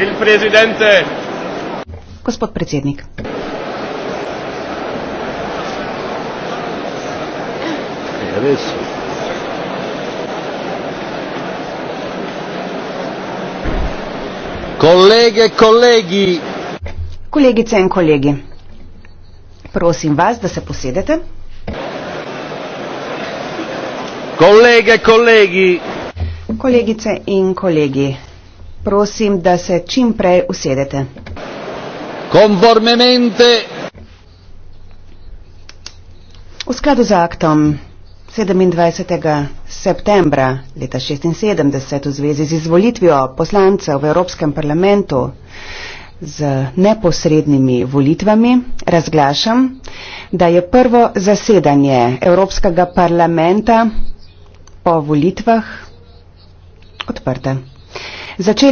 Il presidente. Gospod predsednik. Res. Kolege, kolegi. Kolegice in kolegi, prosim vas, da se posedete. Kolege, kolegi. Kolegice in kolegi, Prosim, da se čim prej usedete. Konformemente. V skladu z aktom 27. septembra leta 1976 v zvezi z izvolitvijo poslancev v Evropskem parlamentu z neposrednimi volitvami razglašam, da je prvo zasedanje Evropskega parlamenta po volitvah odprte. Začeli